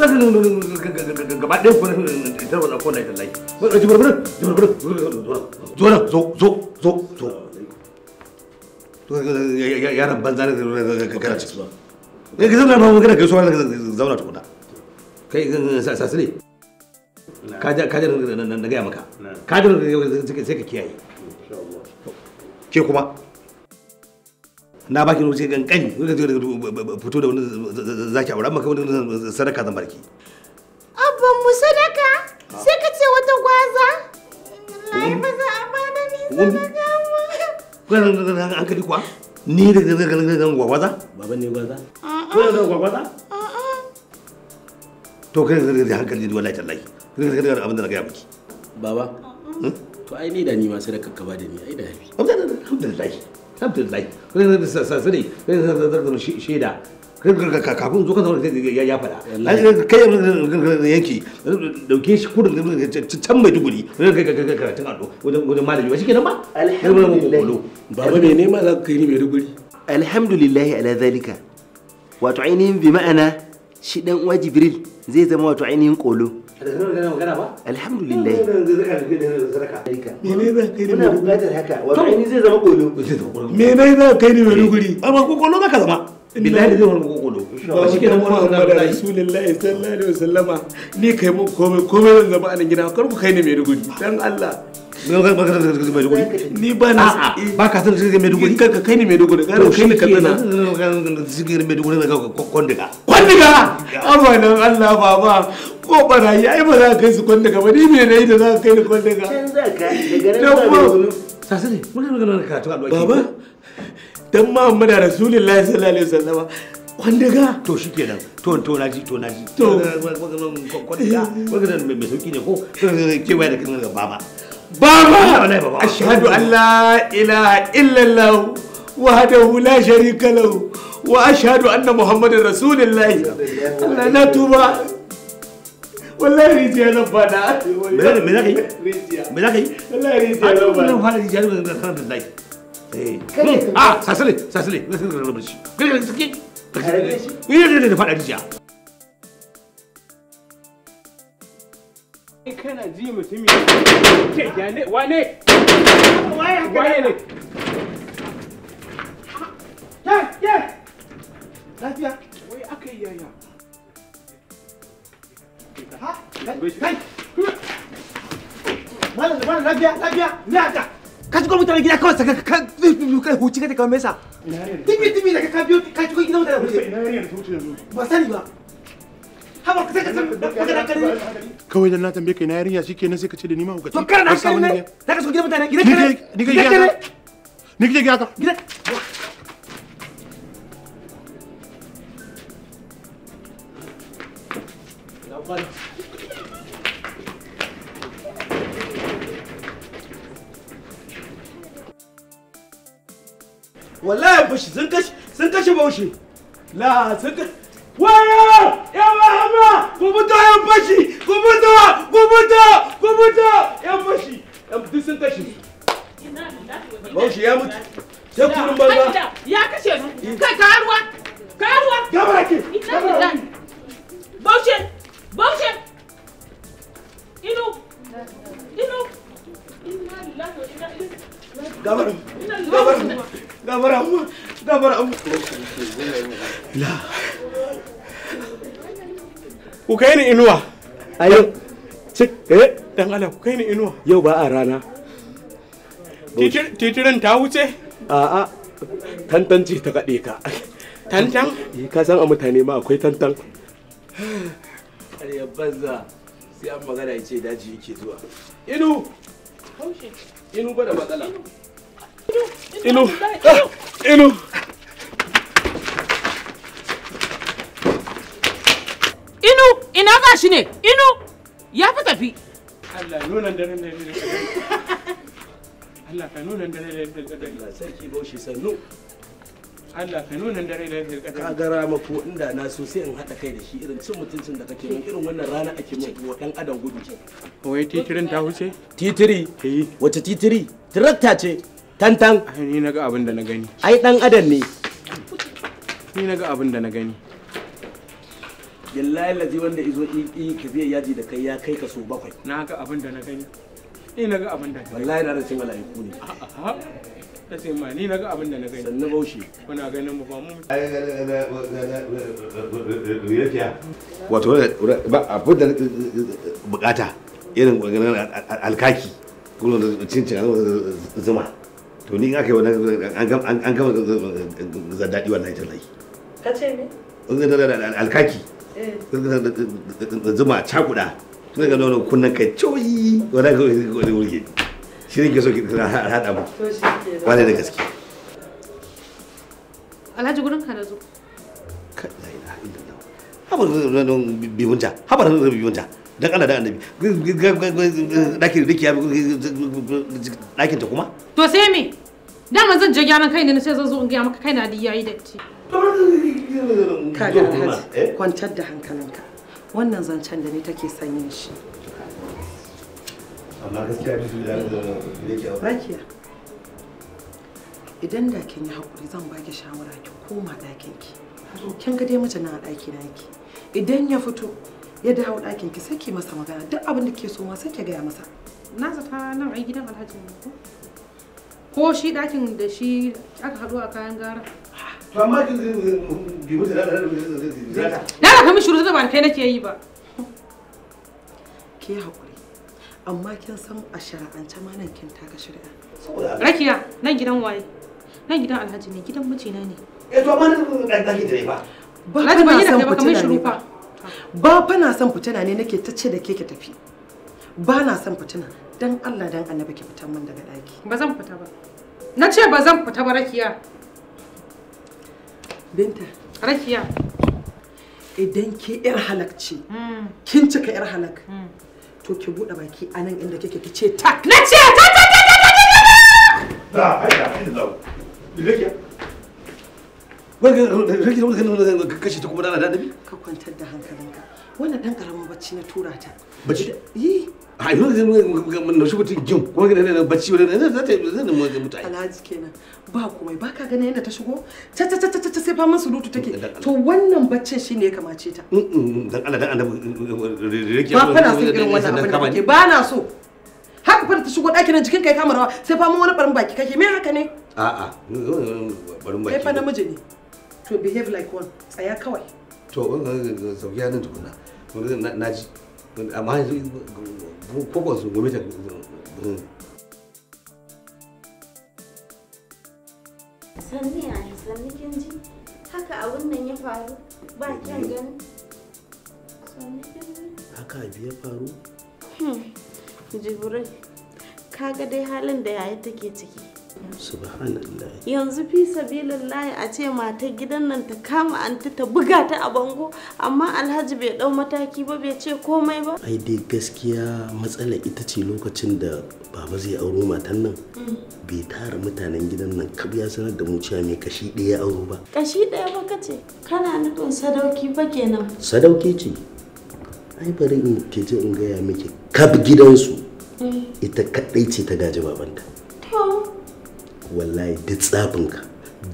gaba ɗaya kuna zauna kai kajar na gaya maka kajar sai ka kiyaye ke kuma na baki lokaci kankani kuka je fito da wani zaki aure maka wani sadaka zan barki abban mu sadaka sai ka ce wata gwaza lai ba za a ba ni sadaka ba an kuwa ni da gwaza gwagwaza baban ne gwaza kuna da to kai da hankali da wallahi tallahi kai da abin da na gaya miki baba hmm? to ai ni da ni ma sadaka ka da ni ai da hafi alhamdulillah something like sani shaida kafin zo ka zauna ya faɗa kai yanki dauke shi kudin can mai duguri karatun wajen malami ba kenan ba alhamdulillah nema za ka mai duguri alhamdulillah ala zalika wato ainihin bi ma'ana shi dan uwa jibril zai zama wato ainihin kolo alhamdulillah mene za rasulullahi sallallahu ni kai mun komai zan zama a nan gida kar ku kai dan Allah ni ba na ba ka san jirgin maiduguri kai kai ne maiduguri kai kai ne katsina jirgin maiduguri daga kwandiga kwandiga amanan allah baba ko barayi ai ba za ka kai su kwandiga ba ni me nayi da za ka kai ni kwandiga can za ka daga nan ba sasane muna magana da karatu alwaki baba dan muhammadu rasulullahi sallallahu alaihi wasallam kwandaga to shi kenan to to na ji to na ji to kwandaga kwandaga mai sauki ne ko kewaye da kan baba بابا أشهد أن لا إله إلا الله وحده لا شريك له وأشهد أن محمد رسول الله الله نتوبة والله رجال ربنا من من أخي من أخي والله رجال ربنا والله رجال ربنا الله آه ساسلي ساسلي كيف كيف كيف كيف كيف كيف كيف kana ji mutumi ce ya wane wane ne ya ya lafiya wai aka yi yaya ha kai malam malam lafiya lafiya ne ka shigo mutane gida kawai saka ka kai huci ka ta kawai mesa dibi dibi da ka biyo ka shigo gida mutane ba sani ba كوي لنا تنبيك ناري يا زيكي نزيك تشيل نيمة وقتي فكرنا عشان كلنا لك سوق جبت أنا جيت كلنا نيجي جيت كلنا نيجي جيت كلنا جيت والله يا بوشي سنكش سنكش يا بوشي لا سنكش Wayo! Yawa hama! Ku fito yan fashi! Ku fito! Ku fito! Ku fito! Yan fashi! Yan duk sun ya mutu. Sai kurin banza. ku kai ni inuwa a yau cik eh dan Allah ku kai ni inuwa yau ba a rana titirin ta wuce a a tantanci ta kade ka tantan ka san a mutane ma akwai tantan ƙaryar banza sai an magana ya ce daji yake zuwa inu haushe inu ba da matsala inu inu ah, ba shi ne inu ya fi tafi Allah nunan da nan da Allah ka nunan da nan da sarki baushi sannu Allah ka nunan da nan da gara ma ko inda na so sai in haɗa kai da shi irin cin mutuncin da kake min irin wannan rana ake min wa dan adam gudu wai titirin ta huce titiri eh. wace titiri tirakta ce tantan ai ni naga abin da na gani ai adam ne ni naga abin da na gani billahi lazi wanda izo yi ka zai yaji da kai ya kai ka so bakwai na ga abin da na gani ni na ga abin da wallahi da rashin mala'iku ne ta ce ma ni na ga abin da na gani sannu baushe kuna ganin mu ba mu wato ba abin da bukata irin ganin alkaki kuma cin cincin zuma to ni in aka yi wannan an gama eh, eh, eh, zaddaɗi wannan ita lai ka ce ne alkaki da eh. zuma cakuda tun daga nono kunnan kai coyi wadda ka wani wurge shi ne ke so ki tana haɗa mu wane da gaske alhaji gurin ka na zo habar bibinta habar bibinta dan Allah da annabi dakin da kiya dakin ta kuma to sai me dama zan je gyaran kai ne sai zan zo in gaya maka kai na da yayi datti kaga alhaji eh? kwantar da hankalinka wannan zancen da ne take sanyin shi amma gaskiya bisu da rakiya idan da kin yi hakuri zan baki shawara ki koma ɗakin ki kin ga dai nan a ɗaki na ki idan ya fito ya dawo ɗakin ki sai ki masa magana duk abin da ke so ma sai ki gaya masa na zata nan ai gidan alhaji ne ko ko shi ɗakin da shi aka haɗu a kayan gara to amma ki bi da da na raka ba kai nake yi ba ke hakuri amma kin san a shara'ance ma nan kin taka shari'a rakiya nan gidan waye nan gidan alhaji ne gidan mijina ne eh to amma nan dan daki da ba ba na ba yana ba kamar shiru fa ba fa na son fitina ne nake ta ce da ke ki tafi ba na son fitina dan Allah dan annabi ki fitan mun daga daki ba zan fita ba na ce ba zan fita ba rakiya Binta. Rakiya. Idan ki yar halakci. Hmm. Kin cika yar halak. Hmm. To ki buɗe baki a nan inda kike ki ce tak. Na ce ta ta ta ta ta ta ta. Da, ai da, ai da. Rage zama kan kashe ta kuma rana da annabi? Ka kwantar da hankalinka. Wannan ɗan ƙaramin bacci na tura ta. Bacci? Yi. A yanzu zai mun naushi mutum gim kuma ga nan bacci wani nan ta yi zai nemi mutane. Alhaji kenan ba komai ba ka ganin yadda ta shigo ta ta ta ta ta sai faman sulutu to wannan baccin shine ya kamace ta. Mm, mm, mm. Dan Allah dan annabi. Eh, eh, eh, ba fa na son irin wannan abin ba na so. haka fa ta shigo ɗakin jikin kai kama rawa sai fama wani barin baki kake me haka ne a'a barin baki kai fa namiji ne to behave like one tsaya kawai to sauki hannun tukuna na ji amma yanzu kokon su gome ta sanni a sanni kin ji haka abin nan ya faru ba kyan gani haka abu ya faru hmm, jibirai kaga dai halin da yaya take ciki yanzu fi layi a ce mata gidan nan ta kama an ta buga ta a bango amma alhaji bai dau mataki ba bai ce komai ba ai dai gaskiya matsala ita ce lokacin da baba zai auro matan nan mm. bai tara mutanen gidan nan kab ya sanar da mu cewa mai kashi ɗaya auro ba kashi ɗaya ba kace kana nufin sadauki ba kenan sadauki ce ai bari in ke je in gaya miki kab gidansu mm. ita kaɗai ce ta gaji babanta wallahi duk ka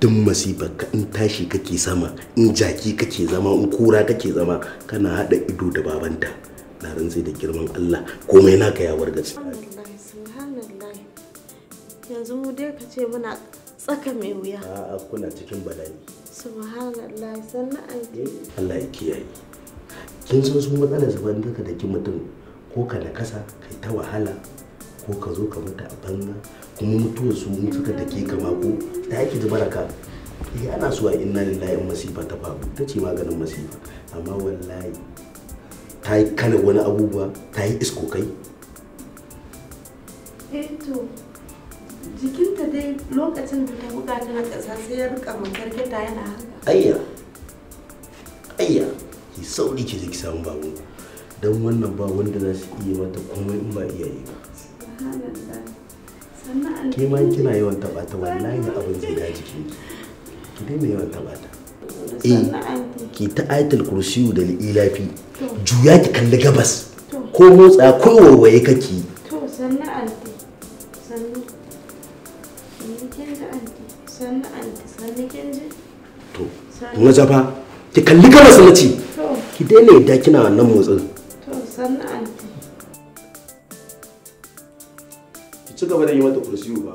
duk ka in tashi kake sama in jaki kake zama in kura kake zama kana haɗa ido da babanta na rantsai da girman Allah komai naka ya wargaci yanzu mu dai ka ce muna tsaka mai wuya a'a kuna cikin bala'i subhanallah sannan eh, Allah ya kiyaye kin san sun matsalar zuban da ka daki mutum ko ka nakasa kai ta wahala ko ka zo ka mutu a banza kuma mutuwa su ta ke kama ko ta yake da baraka ya eh, ana suwa inna lillahi masifa ta faru ta ce maganin masifa amma wallahi ta yi kana wani abubuwa ta yi isko kai eh ta jikinta dai lokacin da ta buga ta na ƙasa sai ya rika makarke ta yana haka ayya ayya ki sauri ki je ki samu babun don wannan ba wanda za su iya mata komai in ba iyaye ba ke ma kina yawan taba ta wallahi abin zai da jiki ki daina yawan taba ta eh ki ta aitul kursiyu da ilafi juya ki kalli gabas ko motsa ko warwaye kake to sannan anti anti to na jafa ki kalli gabas na ci ki daina yadda kina wannan motsin to sannan suka gaba da yi mata kursiyu ba